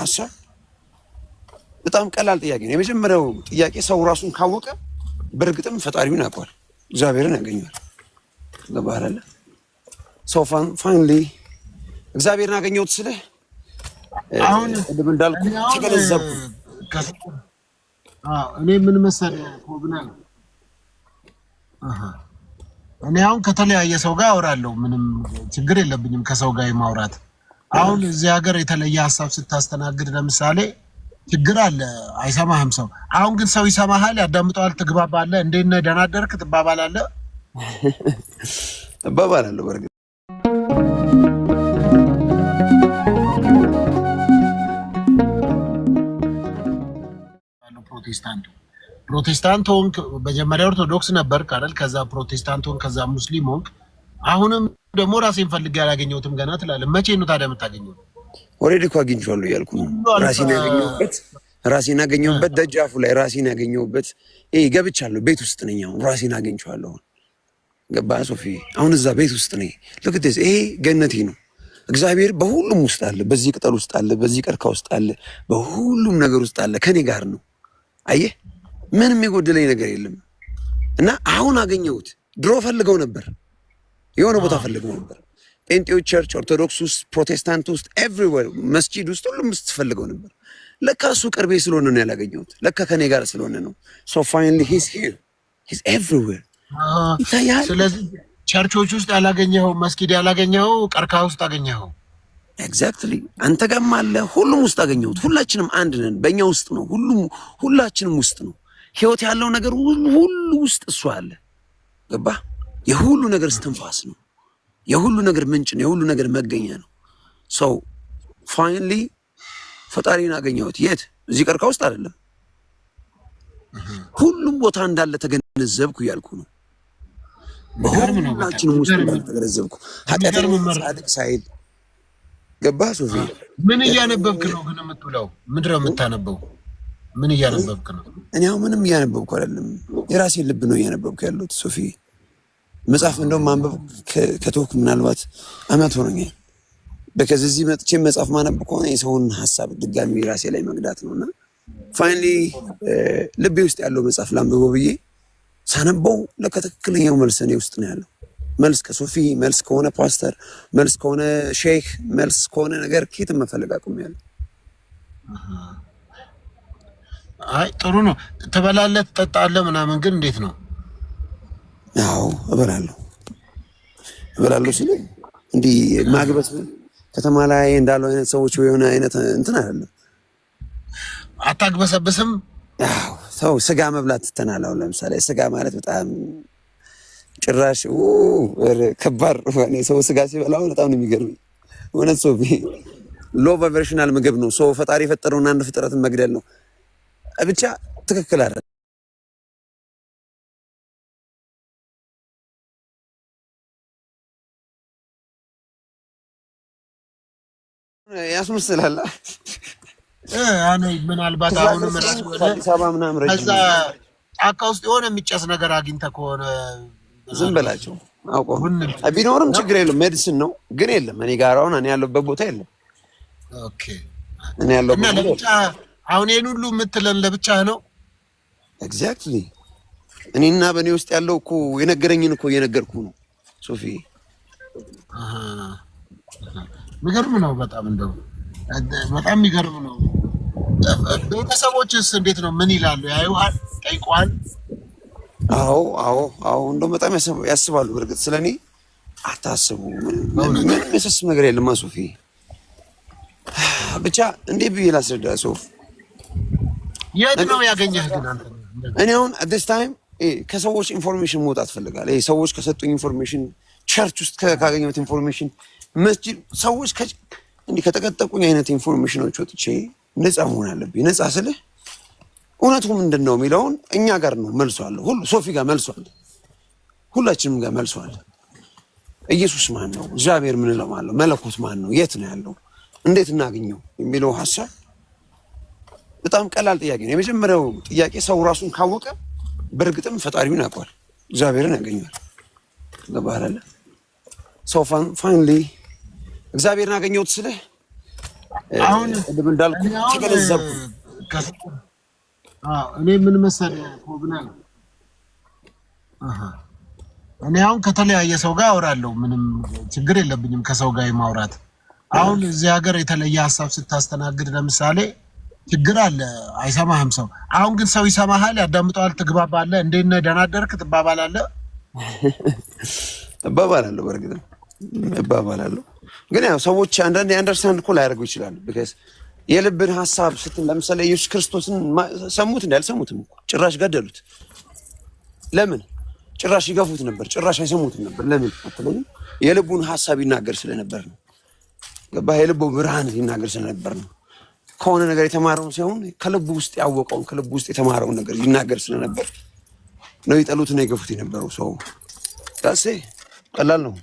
ሀሳብ በጣም ቀላል ጥያቄ ነው። የመጀመሪያው ጥያቄ ሰው ራሱን ካወቀ በእርግጥም ፈጣሪውን ያውቀዋል፣ እግዚአብሔርን ያገኘዋል። ገባህላለ ሰው ፋይናሊ እግዚአብሔርን አገኘሁት ስልህ አሁን እንዳልኩ ተገነዘብኩ። እኔ ምን መሰለህ እኔ አሁን ከተለያየ ሰው ጋር አወራለሁ። ምንም ችግር የለብኝም ከሰው ጋር የማውራት አሁን እዚህ ሀገር የተለየ ሀሳብ ስታስተናግድ ለምሳሌ ችግር አለ፣ አይሰማህም ሰው። አሁን ግን ሰው ይሰማሃል፣ ያዳምጠዋል፣ ትግባባለህ። እንዴት ነህ ደህና ደርክ ትባባላለህ። እባባላለሁ በእርግጥ ፕሮቴስታንት ፕሮቴስታንት ሆንክ፣ መጀመሪያ ኦርቶዶክስ ነበር አይደል? ከዛ ፕሮቴስታንት ሆንክ፣ ከዛ ሙስሊም ሆንክ። አሁንም ደግሞ ራሴን ፈልጌ አላገኘሁትም ገና ትላለህ። መቼ ነው ታዲያ የምታገኘው? ኦልሬዲ እኮ አግኝቼዋለሁ እያልኩ ነው። ራሴን ያገኘሁበት ራሴን ያገኘሁበት ደጃፉ ላይ ራሴን ያገኘሁበት ይሄ ገብቻለሁ። ቤት ውስጥ ነኝ አሁን። ራሴን አገኝቼዋለሁ። ገባ ሶፊ? አሁን እዛ ቤት ውስጥ ነኝ። ልክ ይሄ ገነቴ ነው። እግዚአብሔር በሁሉም ውስጥ አለ። በዚህ ቅጠል ውስጥ አለ፣ በዚህ ቀርካ ውስጥ አለ፣ በሁሉም ነገር ውስጥ አለ። ከኔ ጋር ነው። አየህ፣ ምንም የጎደለኝ ነገር የለም። እና አሁን አገኘሁት። ድሮ ፈልገው ነበር የሆነ ቦታ ፈልገው ነበር። ጴንጤዎች ቸርች፣ ኦርቶዶክስ ውስጥ፣ ፕሮቴስታንት ውስጥ፣ ኤቭሪዌር መስጂድ ውስጥ ሁሉም ውስጥ ፈልገው ነበር። ለካ እሱ ቅርቤ ስለሆነ ነው ያላገኘሁት። ለካ ከኔ ጋር ስለሆነ ነው። ሶ ፋይናሊ ሂር ኤቭሪዌር ይታያል። ስለዚህ ቸርቾች ውስጥ ያላገኘኸው መስጊድ ያላገኘኸው ቀርካ ውስጥ አገኘኸው። ኤግዛክትሊ አንተ ጋርም አለ፣ ሁሉም ውስጥ አገኘሁት። ሁላችንም አንድ ነን፣ በእኛ ውስጥ ነው። ሁሉም ሁላችንም ውስጥ ነው። ህይወት ያለው ነገር ሁሉ ውስጥ እሱ አለ። ገባህ? የሁሉ ነገር እስትንፋስ ነው። የሁሉ ነገር ምንጭ ነው። የሁሉ ነገር መገኛ ነው። ሰው ፋይንሊ ፈጣሪን አገኘሁት። የት? እዚህ ቀርካ ውስጥ አይደለም። ሁሉም ቦታ እንዳለ ተገነዘብኩ እያልኩ ነው። በሁላችንም ውስጥ እንዳለ ተገነዘብኩ። ጻድቅ ሳይል ገባ ሶፊ ምን እያነበብክ ነው ግን የምትውለው? ምንድን የምታነበው? ምን እያነበብክ ነው? እኔ ምንም እያነበብኩ አይደለም። የራሴን ልብ ነው እያነበብኩ ያለሁት ሶፊ መጽሐፍ እንደውም ማንበብ ከተውኩ ምናልባት አመት ሆኖኛል። በከዚህ መጥቼ መጽሐፍ ማነብ ከሆነ የሰውን ሀሳብ ድጋሚ ራሴ ላይ መግዳት ነው እና ፋይናሊ ልቤ ውስጥ ያለው መጽሐፍ ላንብበው ብዬ ሳነበው ለካ ትክክለኛው መልስ እኔ ውስጥ ነው ያለው። መልስ ከሶፊ መልስ ከሆነ ፓስተር መልስ ከሆነ ሼክ መልስ ከሆነ ነገር ኬት መፈለግ ያለ አይ ጥሩ ነው። ትበላለህ፣ ትጠጣለህ ምናምን ግን እንዴት ነው አዎ እበላለሁ እበላለሁ ሲል እንዲህ ማግበስ ከተማ ላይ እንዳሉ አይነት ሰዎች የሆነ አይነት እንትን አይደለም። አታግበሰብስም። ሰው ስጋ መብላት ትተናል። አሁን ለምሳሌ ስጋ ማለት በጣም ጭራሽ ከባድ ሰው ስጋ ሲበላ በጣም ነው የሚገርም። እውነት ሰው ሎ ቫይብሬሽናል ምግብ ነው። ሰው ፈጣሪ የፈጠረውን አንድ ፍጥረትን መግደል ነው ብቻ ትክክል አይደለም። ያስመስላል። ምናልባት አሁንም ከዛ ጫካ ውስጥ የሆነ የሚጨስ ነገር አግኝተህ ከሆነ ዝም በላቸው። አውቀው ቢኖርም ችግር የለም ሜዲሲን ነው ግን የለም። እኔ ጋር አሁን እኔ ያለሁበት ቦታ የለም። እኔ ያለሁበት አሁን ይህን ሁሉ የምትለን ለብቻ ነው። ኤግዛክትሊ እኔና በእኔ ውስጥ ያለው እኮ የነገረኝን እኮ እየነገርኩ ነው ሶፊ የሚገርም ነው። በጣም እንደው በጣም የሚገርም ነው። ቤተሰቦችስ እንዴት ነው? ምን ይላሉ? ያዩሃል? ጠይቋል? አዎ አዎ አዎ። እንደው በጣም ያስባሉ። በእርግጥ ስለ አታስቡ፣ ምንም የሳስብ ነገር የለም። ሶፊ ብቻ እንዴት ብዬ ላስረዳ? ሶፍ የት ነው ያገኘህ ግን አንተ? እኔ አሁን አት ዲስ ታይም ከሰዎች ኢንፎርሜሽን መውጣት ፈልጋለሁ። ሰዎች ከሰጡኝ ኢንፎርሜሽን፣ ቸርች ውስጥ ካገኘሁት ኢንፎርሜሽን መስጅድ ሰዎች እንዲህ ከጠቀጠቁኝ አይነት ኢንፎርሜሽኖች ወጥቼ ነፃ መሆን አለብኝ። ነፃ ስልህ እውነቱ ምንድን ነው የሚለውን እኛ ጋር ነው መልሶ ሁሉ ሶፊ ጋር መልሶ ሁላችንም ጋር መልሶ ኢየሱስ ማን ነው? እግዚአብሔር ምንለው ማን መለኮት ማን ነው? የት ነው ያለው? እንዴት እናገኘው? የሚለው ሀሳብ በጣም ቀላል ጥያቄ ነው። የመጀመሪያው ጥያቄ ሰው ራሱን ካወቀ በእርግጥም ፈጣሪውን ያውቋል፣ እግዚአብሔርን ያገኛል። ገባህ አይደለ? ሰው ፋይናሊ እግዚአብሔርን አገኘሁት ስልህ አሁን እንዳልኩ ተገለዘብኩ። እኔ ምን መሰለህ ኮብናል እኔ አሁን ከተለያየ ሰው ጋር አወራለሁ። ምንም ችግር የለብኝም ከሰው ጋር የማውራት። አሁን እዚህ ሀገር የተለየ ሀሳብ ስታስተናግድ ለምሳሌ ችግር አለ፣ አይሰማህም ሰው። አሁን ግን ሰው ይሰማሃል፣ ያዳምጠዋል፣ ትግባባለህ። እንዴት ነህ ደህና አደርክ ትባባላለህ። እባባላለሁ፣ በእርግጥ እባባላለሁ። ግን ያው ሰዎች አንዳንድ አንደርስታንድ እኮ ላያደርጉ ይችላል። ቢካዝ የልብን ሀሳብ ስትል ለምሳሌ ኢየሱስ ክርስቶስን ሰሙት እንዲ አልሰሙትም እኮ ጭራሽ ገደሉት። ለምን ጭራሽ ይገፉት ነበር፣ ጭራሽ አይሰሙትም ነበር። ለምን አትለኝ? የልቡን ሀሳብ ይናገር ስለነበር ነው። ገባህ? የልቡ ብርሃን ይናገር ስለነበር ነው። ከሆነ ነገር የተማረውን ሳይሆን ከልቡ ውስጥ ያወቀውን ከልቡ ውስጥ የተማረውን ነገር ይናገር ስለነበር ነው። ይጠሉት ነው፣ ይገፉት የነበረው ሰው ዳሴ ቀላል ነው።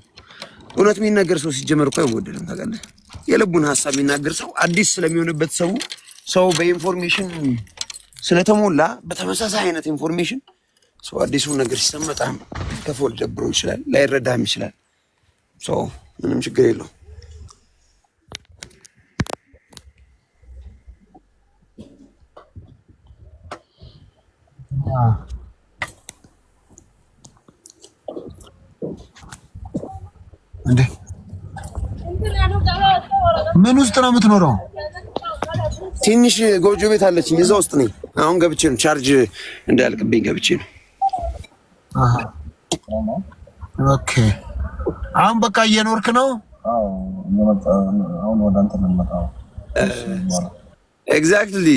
እውነት የሚናገር ሰው ሲጀመር እኮ አይወደድም ታውቃለህ። የልቡን ሀሳብ የሚናገር ሰው አዲስ ስለሚሆንበት ሰው ሰው በኢንፎርሜሽን ስለተሞላ በተመሳሳይ አይነት ኢንፎርሜሽን ሰው አዲሱን ነገር ሲሰማ ከፎ ሊደብረው ይችላል፣ ላይረዳህም ይችላል። ሰው ምንም ችግር የለው። እንዴ ምን ውስጥ ነው የምትኖረው? ትንሽ ጎጆ ቤት አለችኝ፣ እዛ ውስጥ ነኝ አሁን። ገብቼ ነው ቻርጅ እንዳያልቅብኝ ገብቼ ነው። ኦኬ አሁን በቃ እየኖርክ ነው? ኤግዛክትሊ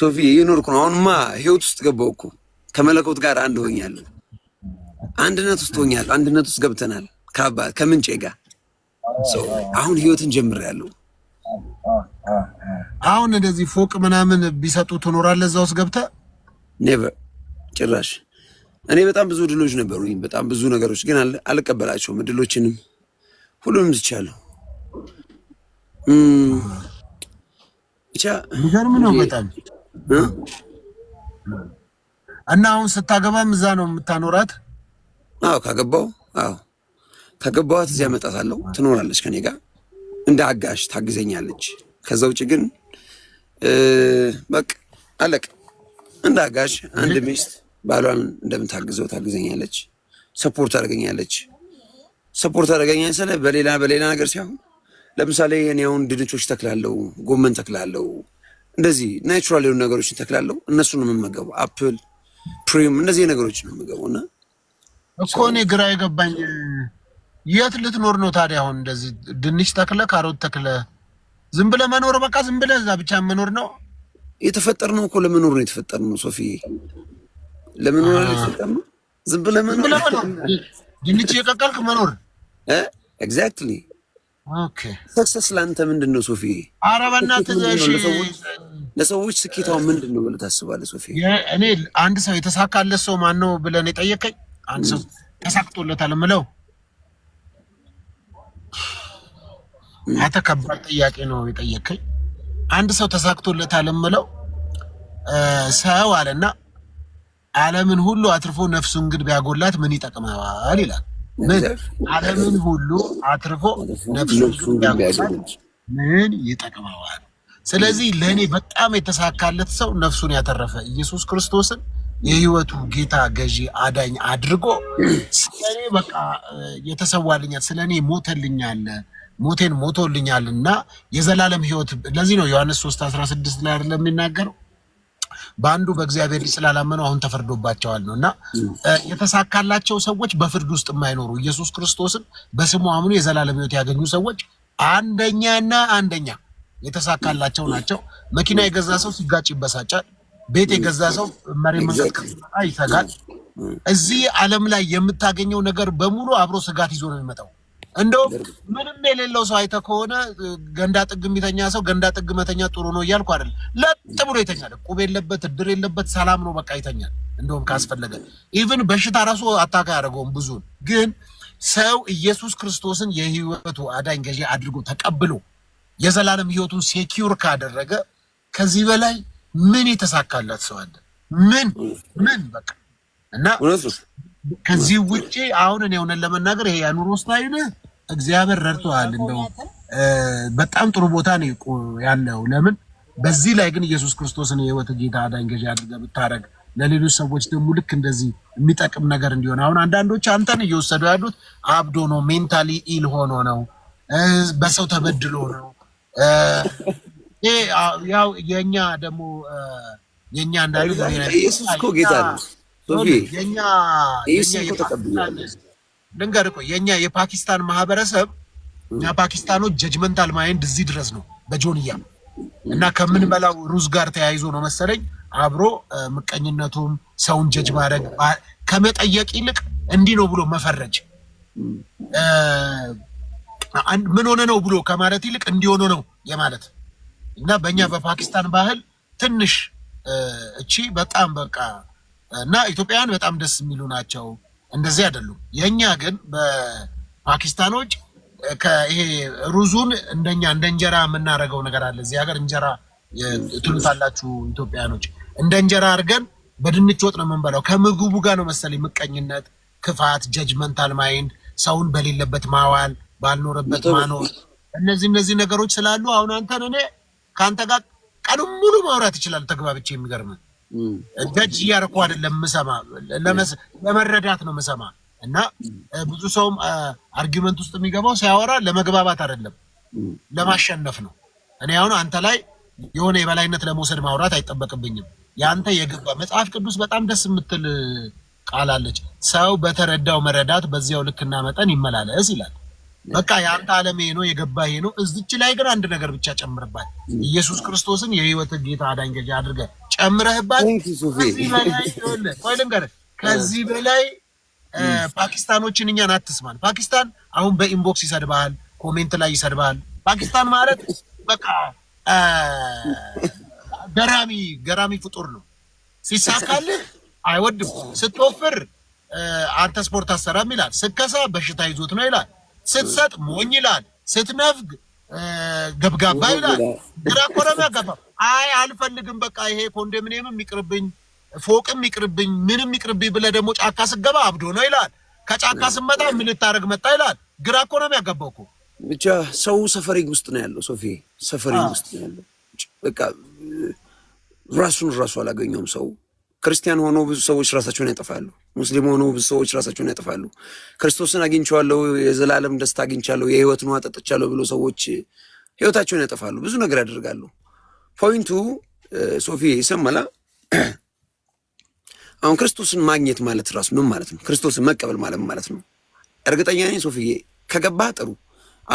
ሶፊ፣ እየኖርኩ ነው። አሁንማ ህይወት ውስጥ ገባሁ እኮ ከመለኮት ጋር አንድ ሆኛለሁ። አንድነት ውስጥ ሆኛለሁ። አንድነት ውስጥ ገብተናል። ከአባት ከምንጭ ጋር አሁን ህይወትን ጀምሬያለሁ። አሁን እንደዚህ ፎቅ ምናምን ቢሰጡ ትኖራለህ እዛ ውስጥ ገብተህ? ኔቨር ጭራሽ። እኔ በጣም ብዙ እድሎች ነበሩ፣ በጣም ብዙ ነገሮች ግን አልቀበላቸውም። እድሎችንም ሁሉንም ትቻለሁ። ብቻ ነው በጣም እና አሁን ስታገባም እዛ ነው የምታኖራት? አዎ ካገባው አዎ ካገባኋት እዚያ መጣታለሁ፣ ትኖራለች ከኔ ጋር እንደ አጋዥ ታግዘኛለች። ከዛ ውጭ ግን በቃ አለቅ እንደ አጋዥ አንድ ሚስት ባሏን እንደምታግዘው ታግዘኛለች፣ ሰፖርት አድርገኛለች። ሰፖርት አድርገኛል ስለ በሌላ በሌላ ነገር ሲያሁን ለምሳሌ እኔ አሁን ድንቾች ተክላለው፣ ጎመን ተክላለው፣ እንደዚህ ናቹራል የሆኑ ነገሮችን ተክላለው። እነሱን ነው የምመገበው፣ አፕል፣ ፕሪም እንደዚህ ነገሮችን ነው የምመገበው እና እኮ እኔ ግራ የገባኝ የት ልትኖር ነው ታዲያ? አሁን እንደዚህ ድንች ተክለ ካሮት ተክለ ዝም ብለ መኖር በቃ ዝም ብለ እዛ ብቻ መኖር ነው ነው እኮ ለመኖር ነው ነው። ሶፊ ለመኖር ነው ዝም ብለ መኖር ድንች የቀቀልክ መኖር ኤግዛክትሊ። ሰክሰስ ለአንተ ምንድን ነው ሶፊ? ኧረ በእናትህ ለሰዎች ስኬታው ምንድን ነው ብለህ ታስባለህ ሶፊ? እኔ አንድ ሰው የተሳካለት ሰው ማን ነው ብለን የጠየቀኝ። አንድ ሰው ተሳክቶለታል ምለው አንተ ከባድ ጥያቄ ነው የጠየከኝ። አንድ ሰው ተሳክቶለት አለምለው ሰው አለና ዓለምን ሁሉ አትርፎ ነፍሱን ግን ቢያጎላት ምን ይጠቅመዋል ይላል። ምን ዓለምን ሁሉ አትርፎ ነፍሱን ግን ቢያጎላት ምን ይጠቅመዋል? ስለዚህ ለእኔ በጣም የተሳካለት ሰው ነፍሱን ያተረፈ ኢየሱስ ክርስቶስን የህይወቱ ጌታ ገዢ አዳኝ አድርጎ ስለኔ በቃ የተሰዋልኛል፣ ስለኔ ሞተልኛል ሞቴን ሞቶልኛል እና የዘላለም ህይወት ለዚህ ነው ዮሐንስ 3 16 ላይ አይደለም የሚናገረው በአንዱ በእግዚአብሔር ስላላመኑ አሁን ተፈርዶባቸዋል ነው እና የተሳካላቸው ሰዎች በፍርድ ውስጥ የማይኖሩ ኢየሱስ ክርስቶስን በስሙ አምኑ የዘላለም ህይወት ያገኙ ሰዎች አንደኛና አንደኛ የተሳካላቸው ናቸው። መኪና የገዛ ሰው ሲጋጭ ይበሳጫል። ቤት የገዛ ሰው መሬ መንቀጥቀጥ ይሰጋል። እዚህ ዓለም ላይ የምታገኘው ነገር በሙሉ አብሮ ስጋት ይዞ ነው የሚመጣው። እንደውም ምንም የሌለው ሰው አይተህ ከሆነ ገንዳ ጥግ የሚተኛ ሰው ገንዳ ጥግ መተኛ ጥሩ ነው እያልኩ አይደል። ለጥ ብሎ ይተኛል። ቁብ የለበት፣ እድር የለበት፣ ሰላም ነው በቃ ይተኛል። እንደውም ካስፈለገ ኢቭን በሽታ ራሱ አታካ ያደርገውም ብዙን ግን ሰው ኢየሱስ ክርስቶስን የህይወቱ አዳኝ ገዢ አድርጎ ተቀብሎ የዘላለም ህይወቱን ሴኪውር ካደረገ ከዚህ በላይ ምን የተሳካላት ሰው አለ? ምን ምን በቃ እና ከዚህ ውጭ አሁን እኔ እውነት ለመናገር ይሄ የኑሮ ስታይል እግዚአብሔር ረድቶሃል። እንደው በጣም ጥሩ ቦታ ነው ያለው። ለምን በዚህ ላይ ግን ኢየሱስ ክርስቶስን የህይወት ጌታ አዳኝ ገዢ አድርገህ ብታደርግ ለሌሎች ሰዎች ደግሞ ልክ እንደዚህ የሚጠቅም ነገር እንዲሆን አሁን አንዳንዶች አንተን እየወሰዱ ያሉት አብዶ ነው፣ ሜንታሊ ኢል ሆኖ ነው፣ በሰው ተበድሎ ነው። ያው የእኛ ደግሞ የእኛ እንዳሉ ኢየሱስ እኮ ጌታ ነው። የእኛ ተቀብሏል ድንገር እኮ የኛ የፓኪስታን ማህበረሰብ እኛ ፓኪስታኖች ጀጅመንታል ማይንድ እዚህ ድረስ ነው በጆንያ እና ከምንበላው ሩዝ ጋር ተያይዞ ነው መሰለኝ አብሮ ምቀኝነቱም ሰውን ጀጅ ማድረግ ከመጠየቅ ይልቅ እንዲህ ነው ብሎ መፈረጅ ምን ሆነ ነው ብሎ ከማለት ይልቅ እንዲሆነ ነው የማለት እና በእኛ በፓኪስታን ባህል ትንሽ እቺ በጣም በቃ እና ኢትዮጵያውያን በጣም ደስ የሚሉ ናቸው። እንደዚህ አይደሉም። የእኛ ግን በፓኪስታኖች ይሄ ሩዙን እንደኛ እንደ እንጀራ የምናደርገው ነገር አለ። እዚህ ሀገር እንጀራ ትሉታላችሁ ኢትዮጵያኖች። እንደ እንጀራ አድርገን በድንች ወጥ ነው የምንበላው። ከምግቡ ጋር ነው መሰለኝ ምቀኝነት፣ ክፋት፣ ጀጅመንታል ማይንድ፣ ሰውን በሌለበት ማዋል፣ ባልኖረበት ማኖር፣ እነዚህ እነዚህ ነገሮች ስላሉ አሁን አንተን እኔ ከአንተ ጋር ቀኑን ሙሉ ማውራት ይችላል ተግባብቼ የሚገርምን ደጅ እያደረኩ አይደለም የምሰማ፣ ለመረዳት ነው የምሰማ። እና ብዙ ሰውም አርጊመንት ውስጥ የሚገባው ሲያወራ ለመግባባት አይደለም ለማሸነፍ ነው። እኔ አሁን አንተ ላይ የሆነ የበላይነት ለመውሰድ ማውራት አይጠበቅብኝም። የአንተ የግባ መጽሐፍ ቅዱስ በጣም ደስ የምትል ቃል አለች። ሰው በተረዳው መረዳት በዚያው ልክና መጠን ይመላለስ ይላል። በቃ የአንተ ዓለም ይሄ ነው፣ የገባ ይሄ ነው። እዚች ላይ ግን አንድ ነገር ብቻ ጨምርባት፣ ኢየሱስ ክርስቶስን የህይወት ጌታ አዳኝ ገዢ አድርገህ ጨምረህባት። ቆይ ልንገርህ፣ ከዚህ በላይ ፓኪስታኖችን እኛን አትስማን። ፓኪስታን አሁን በኢንቦክስ ይሰድብሃል፣ ኮሜንት ላይ ይሰድብሃል። ፓኪስታን ማለት በቃ ገራሚ ገራሚ ፍጡር ነው። ሲሳካልህ አይወድም፣ ስትወፍር አንተ ስፖርት አሰራም ይላል፣ ስከሳ በሽታ ይዞት ነው ይላል ስትሰጥ ሞኝ ይላል፣ ስትነፍግ ገብጋባ ይላል። ግራ ኮረም ያጋባ አይ አልፈልግም፣ በቃ ይሄ ኮንዶሚኒየም የሚቅርብኝ ፎቅም ይቅርብኝ፣ ምንም ይቅርብኝ ብለህ ደግሞ ጫካ ስገባ አብዶ ነው ይላል። ከጫካ ስመጣ ምን ልታደርግ መጣ ይላል። ግራ እኮ ነው የሚያጋባው እኮ። ብቻ ሰው ሰፈሪግ ውስጥ ነው ያለው። ሶፊ ሰፈሪግ ውስጥ ነው ያለው። በቃ ራሱን ራሱ አላገኘውም ሰው ክርስቲያን ሆኖ ብዙ ሰዎች ራሳቸውን ያጠፋሉ። ሙስሊም ሆኖ ብዙ ሰዎች ራሳቸውን ያጠፋሉ። ክርስቶስን አግኝቸዋለው የዘላለም ደስታ አግኝቻለሁ፣ የህይወት ውሃ ጠጥቻለሁ ብሎ ሰዎች ህይወታቸውን ያጠፋሉ፣ ብዙ ነገር ያደርጋሉ። ፖይንቱ ሶፊ ይሰማላ። አሁን ክርስቶስን ማግኘት ማለት ራሱ ምን ማለት ነው? ክርስቶስን መቀበል ማለት ማለት ነው። እርግጠኛ ነኝ ሶፊዬ ከገባህ ጥሩ።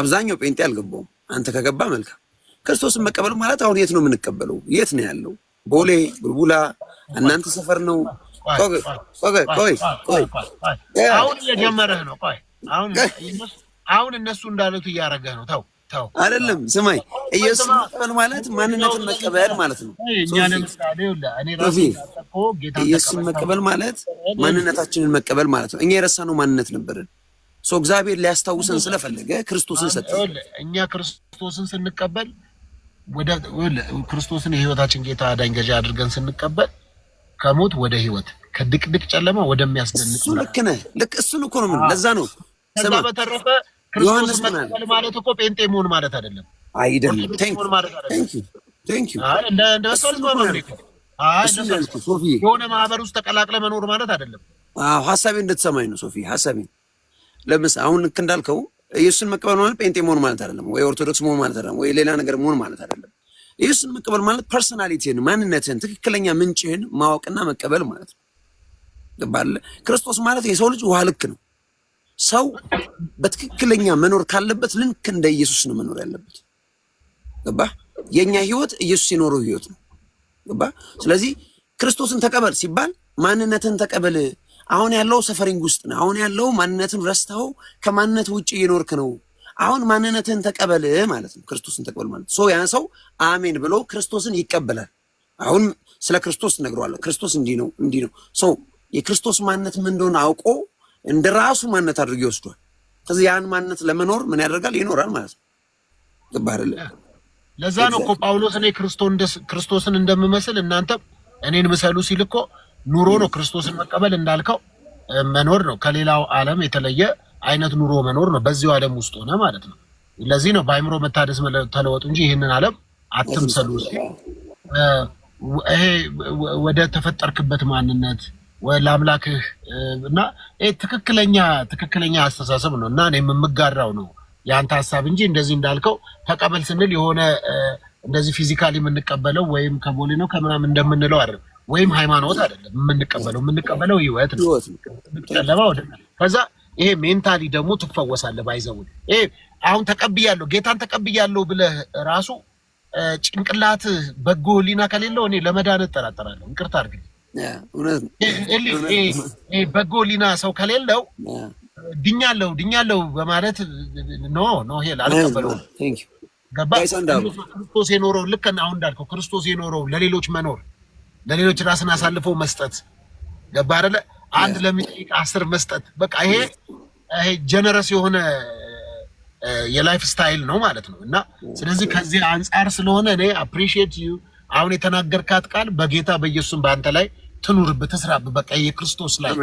አብዛኛው ጴንጤ አልገባውም። አንተ ከገባህ መልካም። ክርስቶስን መቀበል ማለት አሁን የት ነው የምንቀበለው? የት ነው ያለው? ቦሌ ቡልቡላ እናንተ ሰፈር ነው። ቆይ አሁን እየጀመረህ ነው። ቆይ አሁን እነሱ እንዳሉት እያደረገህ ነው። ተው ተው፣ አይደለም ስማኝ። ኢየሱስ መቀበል ማለት ማንነትን መቀበል ማለት ነው። ኢየሱስን መቀበል ማለት ማንነታችንን መቀበል ማለት ነው። እኛ የረሳነው ማንነት ነበርን። ሰው እግዚአብሔር ሊያስታውሰን ስለፈለገ ክርስቶስን ሰጠ። እኛ ክርስቶስን ስንቀበል ወደ ክርስቶስን የህይወታችን ጌታ አዳኝ ገዢ አድርገን ስንቀበል ከሞት ወደ ህይወት ከድቅድቅ ጨለማ ወደሚያስደንቅ ልክ ነህ። ልክ እሱን እኮ ነው ለዛ ነው። ከዛ በተረፈ ክርስቶስ መቀበል ማለት እኮ ጴንጤ መሆን ማለት አይደለም፣ አይደለም። የሆነ ማህበር ውስጥ ተቀላቅለ መኖር ማለት አይደለም። ሀሳቤ እንድትሰማኝ ነው ሶፊ ሀሳቤ ለምስ አሁን ልክ እንዳልከው ኢየሱስን መቀበል ማለት ጴንጤ መሆን ማለት አይደለም፣ ወይ ኦርቶዶክስ መሆን ማለት አይደለም፣ ወይ ሌላ ነገር መሆን ማለት አይደለም። ኢየሱስን መቀበል ማለት ፐርሶናሊቲህን፣ ማንነትህን፣ ትክክለኛ ምንጭህን ማወቅና መቀበል ማለት ነው። ክርስቶስ ማለት የሰው ልጅ ውሃ ልክ ነው። ሰው በትክክለኛ መኖር ካለበት ልክ እንደ ኢየሱስ ነው መኖር ያለበት። ገባ የኛ ህይወት ኢየሱስ የኖረው ህይወት ነው። ገባ ስለዚህ ክርስቶስን ተቀበል ሲባል ማንነትን ተቀበል አሁን ያለው ሰፈሪንግ ውስጥ ነው። አሁን ያለው ማንነትን ረስተው ከማንነት ውጭ እየኖርክ ነው። አሁን ማንነትን ተቀበል ማለት ነው። ክርስቶስን ተቀበል ማለት ነው። ያን ሰው አሜን ብሎ ክርስቶስን ይቀበላል። አሁን ስለ ክርስቶስ ነግረዋለሁ። ክርስቶስ እንዲህ ነው እንዲህ ነው። ሰው የክርስቶስ ማንነት ምን እንደሆነ አውቆ እንደ ራሱ ማንነት አድርጎ ይወስዷል። ከዚህ ያን ማንነት ለመኖር ምን ያደርጋል? ይኖራል ማለት ነው። ገባህ አይደለ? ለዛ ነው እኮ ጳውሎስ እኔ ክርስቶስን እንደምመስል እናንተ እኔን ምሰሉ ሲል እኮ ኑሮ ነው። ክርስቶስን መቀበል እንዳልከው መኖር ነው። ከሌላው ዓለም የተለየ አይነት ኑሮ መኖር ነው። በዚሁ ዓለም ውስጥ ሆነ ማለት ነው። ለዚህ ነው በአይምሮ መታደስ ተለወጡ እንጂ ይህንን ዓለም አትምሰሉ። ይሄ ወደ ተፈጠርክበት ማንነት ለአምላክህ እና ትክክለኛ ትክክለኛ አስተሳሰብ ነው እና እኔም የምጋራው ነው የአንተ ሀሳብ እንጂ እንደዚህ እንዳልከው ተቀበል ስንል የሆነ እንደዚህ ፊዚካሊ የምንቀበለው ወይም ከቦሌ ነው ከምናምን እንደምንለው አይደለም። ወይም ሃይማኖት አይደለም የምንቀበለው የምንቀበለው ህይወት ነው። ወደ ከዛ ይሄ ሜንታሊ ደግሞ ትፈወሳለህ። ባይዘው ይሄ አሁን ተቀብያለሁ ጌታን ተቀብያለሁ ብለህ ራሱ ጭንቅላት በጎ ህሊና ከሌለው እኔ ለመዳን እጠራጠራለሁ። እንቅርት አድርግ በጎ ህሊና ሰው ከሌለው ድኛለው ድኛለው በማለት ኖ ኖ ሄል አልቀበለውም። ገባ ክርስቶስ የኖረው ልክ አሁን እንዳልከው ክርስቶስ የኖረው ለሌሎች መኖር ለሌሎች ራስን አሳልፎ መስጠት ገባ አይደለ? አንድ ለሚጠይቅ አስር መስጠት። በቃ ይሄ ይሄ ጀነረስ የሆነ የላይፍ ስታይል ነው ማለት ነው። እና ስለዚህ ከዚህ አንጻር ስለሆነ እኔ አፕሪሺየት ዩ አሁን የተናገርካት ቃል በጌታ በኢየሱስም በአንተ ላይ ትኑርብ፣ ትስራብ። በቃ የክርስቶስ ላይ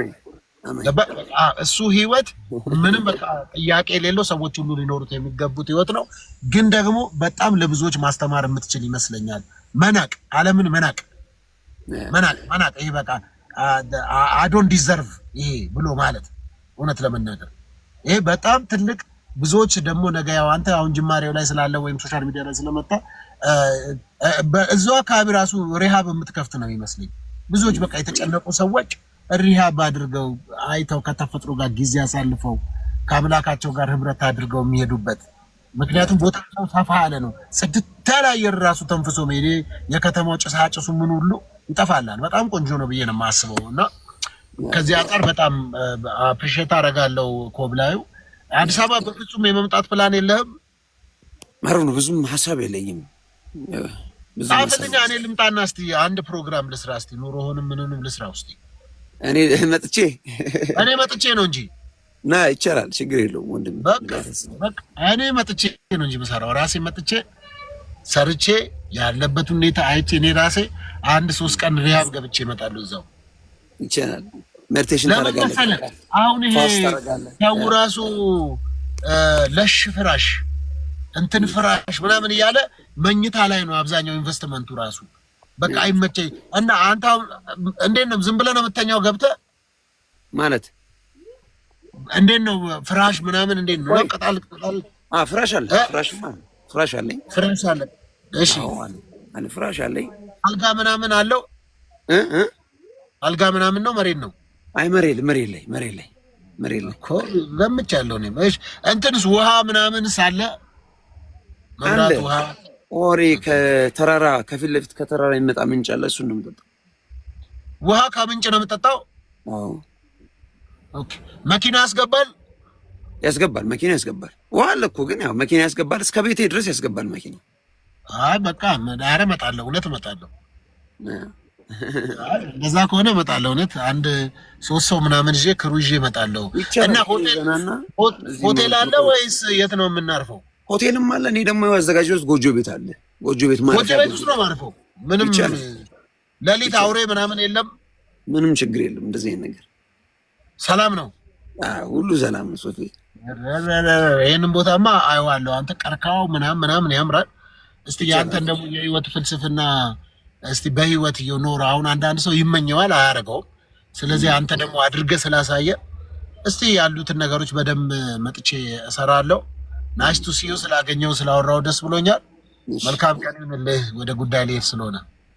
እሱ ህይወት ምንም በቃ ጥያቄ የሌለው ሰዎች ሁሉ ሊኖሩት የሚገቡት ህይወት ነው። ግን ደግሞ በጣም ለብዙዎች ማስተማር የምትችል ይመስለኛል። መናቅ አለምን መናቅ መናቅ መናቅ፣ ይሄ በቃ አዶን ዲዘርቭ ይሄ ብሎ ማለት እውነት ለመናገር ይሄ በጣም ትልቅ ብዙዎች ደግሞ ነገ ያው አንተ አሁን ጅማሬው ላይ ስላለ ወይም ሶሻል ሚዲያ ላይ ስለመጣ በእዛው አካባቢ ራሱ ሪሃብ የምትከፍት ነው ይመስለኝ። ብዙዎች በቃ የተጨነቁ ሰዎች ሪሃብ አድርገው አይተው ከተፈጥሮ ጋር ጊዜ አሳልፈው ከአምላካቸው ጋር ህብረት አድርገው የሚሄዱበት ምክንያቱም ቦታ ሰፋ ያለ ነው። ጽድት ያለ አየር ራሱ ተንፍሶ መሄድ የከተማው ጭሳጭሱ ምን ሁሉ ይጠፋላል። በጣም ቆንጆ ነው ብዬ ነው የማስበው እና ከዚህ አንጻር በጣም አፕሪሼት አደርጋለሁ። ኮብላዩ አዲስ አበባ በፍጹም የመምጣት ፕላን የለህም? መረ ነው ብዙም ሀሳብ የለኝም። ጻፍልኛ፣ እኔ ልምጣና እስቲ አንድ ፕሮግራም ልስራ እስቲ ኑሮሆንም ምንንም ልስራ ውስጥ እኔ መጥቼ እኔ መጥቼ ነው እንጂ ና ይቻላል፣ ችግር የለውም ወንድም። በቃ እኔ መጥቼ ነው እንጂ የምሰራው ራሴ መጥቼ ሰርቼ ያለበት ሁኔታ አይቼ እኔ ራሴ አንድ ሶስት ቀን ሪያብ ገብቼ እመጣለሁ። እዛው ይቻላል። አሁን ይሄ ያው ራሱ ለሽ ፍራሽ እንትን ፍራሽ ምናምን እያለ መኝታ ላይ ነው አብዛኛው ኢንቨስትመንቱ ራሱ በቃ አይመቸኝ እና አንተ እንዴት ነው ዝም ብለህ ነው የምተኛው? ገብተህ ማለት እንዴት ነው ፍራሽ ምናምን እንዴት ነው ቅጣል ቅጣል? ፍራሽ አለ፣ ፍራሽ አለ፣ ፍራሽ አለ እሺ አንድ ፍራሽ አለኝ። አልጋ ምናምን አለው። አልጋ ምናምን ነው መሬት ነው? አይ መሬት መሬት ላይ መሬት ላይ መሬት ላይ እኮ ገምቻለሁ። እኔ እሺ፣ እንትንስ ውሃ ምናምን ሳለ መብራት፣ ውሃ ኦሬ ከተራራ ከፊት ለፊት ከተራራ ይመጣ ምንጭ አለ። እሱን ነው የምጠጣው። ውሃ ከምንጭ ነው የምጠጣው። ኦኬ። መኪና ያስገባል ያስገባል፣ መኪና ያስገባል። ውሃ አለ እኮ ግን ያው መኪና ያስገባል። እስከ ቤቴ ድረስ ያስገባል መኪና አይ በቃ ኧረ እመጣለሁ፣ እውነት እመጣለሁ። እንደዛ ከሆነ እመጣለሁ። እውነት አንድ ሶስት ሰው ምናምን ይዤ ክሩ ይዤ እመጣለሁ። እና ሆቴል አለ ወይስ የት ነው የምናርፈው? ሆቴልም አለ። እኔ ደግሞ ያዘጋጀሁት ጎጆ ቤት አለ። ጎጆ ቤት ማለት ጎጆ ቤት ውስጥ ነው የማርፈው። ምንም ሌሊት አውሬ ምናምን የለም። ምንም ችግር የለም። እንደዚህ አይነት ነገር ሰላም ነው፣ ሁሉ ሰላም ነው። ሶፊ ይህንን ቦታማ አየዋለሁ። አንተ ቀርካው ምናምን ምናምን ያምራል እስቲ የአንተን ደግሞ የህይወት ፍልስፍና እስቲ በህይወት እየኖረ አሁን አንዳንድ ሰው ይመኘዋል አያደርገውም። ስለዚህ አንተ ደግሞ አድርገ ስላሳየ እስቲ ያሉትን ነገሮች በደንብ መጥቼ እሰራለሁ። ናይስ ቱ ሲዩ ስላገኘው ስላወራው ደስ ብሎኛል። መልካም ቀን ይሁንልህ። ወደ ጉዳይ ልሄድ ስለሆነ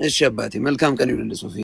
እሺ አባቴ መልካም ቀን ይሁንልህ ሶፊ